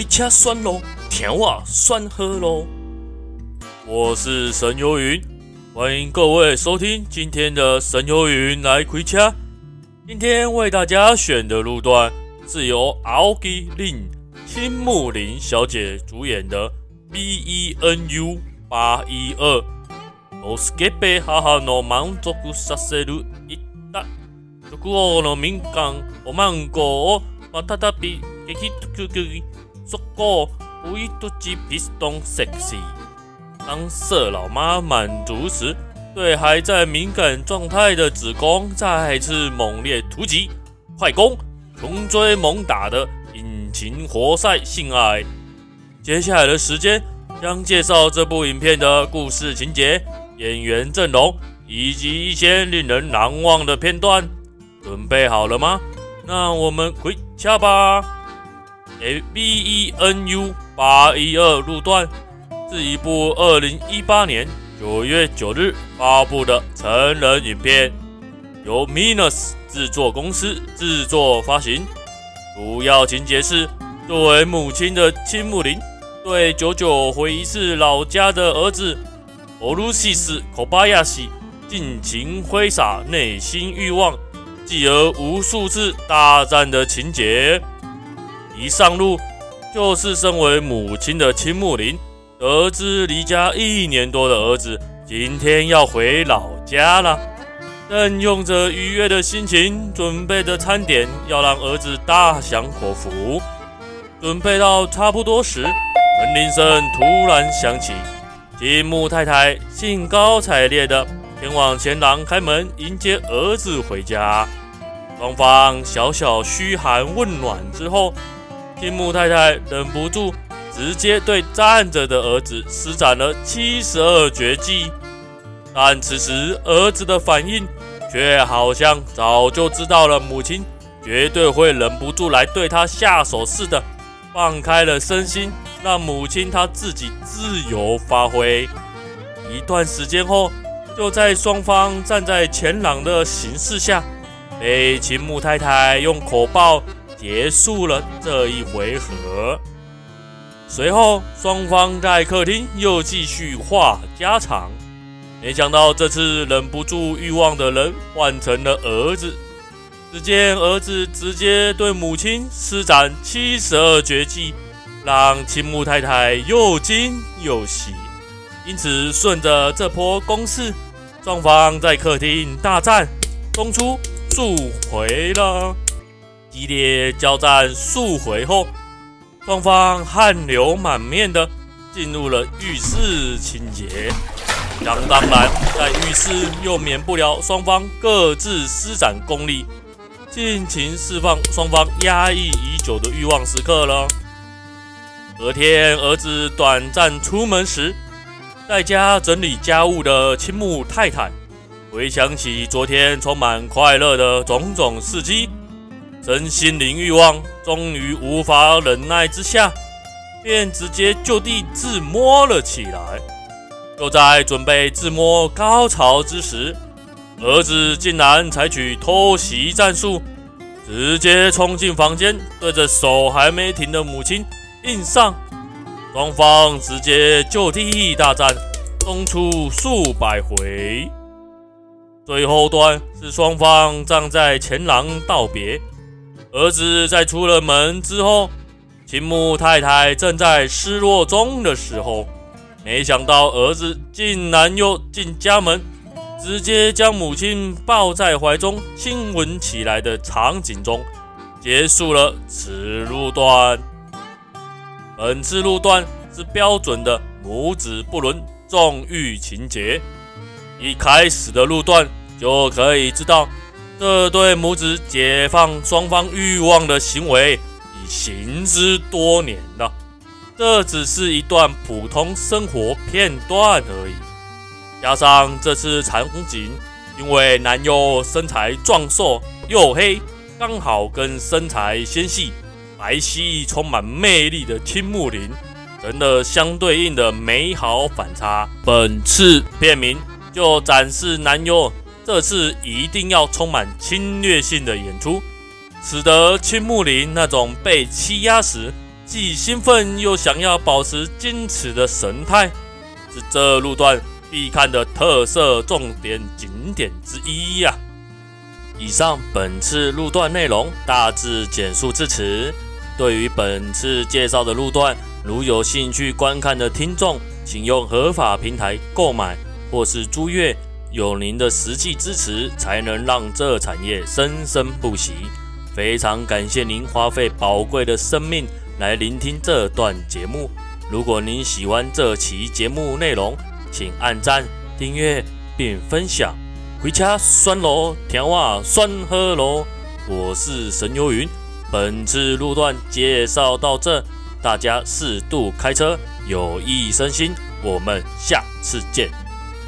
開車算咯，甜話算喝咯。我是神游雲，歡迎各位收聽今天的神游雲來開車。今天為大家選的路段是由奧吉令青木玲小姐主演的 B E N U 八一二。我乖乖速攻，無意突擊皮斯東，sexy。當色老媽滿足時，對還在敏感狀態的子宮再次猛烈突擊，快攻，窮追猛打的引擎活塞性愛。接下來的時間將介紹這部影片的故事情節、演員陣容以及一些令人難忘的片段。準備好了嗎？那我們回家吧。V E N U 八一二路段是一部二零一八年九月九日發布的成人影片，由 Minus 製作公司製作發行。主要情節是，作為母親的青木玲對久久回一次老家的兒子歐路西斯·科巴亞西盡情揮灑內心慾望，繼而無數次大戰的情節。一上路，就是身為母親的青木玲得知離家一年多的兒子今天要回老家了，正用着愉悅的心情準備着餐點，要讓兒子大享口福。準備到差不多時，門鈴聲突然響起，青木太太興高采烈地前往前廊開門迎接兒子回家，雙方小小噓寒問暖之後。青木太太忍不住，直接對站着的兒子施展了七十二絕技，但此時兒子的反應卻好像早就知道了母親絕對會忍不住來對他下手似的，放開了身心，讓母親她自己自由發揮。一段時間後，就在雙方站在前廊的形勢下，被青木太太用口爆。結束了這一回合，隨後雙方在客廳又繼續話家常。沒想到這次忍不住慾望的人換成了兒子，只見兒子直接對母親施展七十二絕技，讓青木太太又驚又喜。因此，順着這波攻勢，雙方在客廳大戰，中出數回了。激烈交戰數回後，雙方汗流滿面的進入了浴室清潔。當然，在浴室又免不了雙方各自施展功力，盡情釋放雙方壓抑已久的慾望時刻了。隔天兒子短暫出門時，在家整理家務的青木太太，回想起昨天充滿快樂的種種事蹟。身心靈欲望終於無法忍耐之下，便直接就地自摸了起來。就在準備自摸高潮之時，兒子竟然採取偷襲戰術，直接衝進房間，對着手還沒停的母親硬上。雙方直接就地大戰，衝出數百回。最後段是雙方站在前廊道別。兒子在出了門之後，青木太太正在失落中的時候，沒想到兒子竟然又進家門，直接將母親抱在懷中親吻起來的場景中，結束了此路段。本次路段是標準的母子不倫縱慾情節，一開始的路段就可以知道。這對母子解放雙方慾望的行為已行之多年了，這只是一段普通生活片段而已。加上這次場景，因為男優身材壯碩又黑，剛好跟身材纖細、白皙、充滿魅力的青木玲人的相對應的美好反差。本次片名就展示男優。這次一定要充滿侵略性的演出，使得青木玲那種被欺壓時既興奮又想要保持矜持的神態，是這路段必看的特色重點景點之一呀、啊！以上本次路段內容大致簡述至此。對於本次介紹的路段，如有興趣觀看的聽眾，請用合法平台購買或是租閱。有您的實際支持，才能讓這產業生生不息。非常感謝您花費寶貴的生命來聆聽這段節目。如果您喜歡這期節目內容，請按讚、訂閱並分享。回家酸咯，調話酸喝咯。我是神游雲，本次路段介紹到這，大家適度開車，有益身心。我們下次見。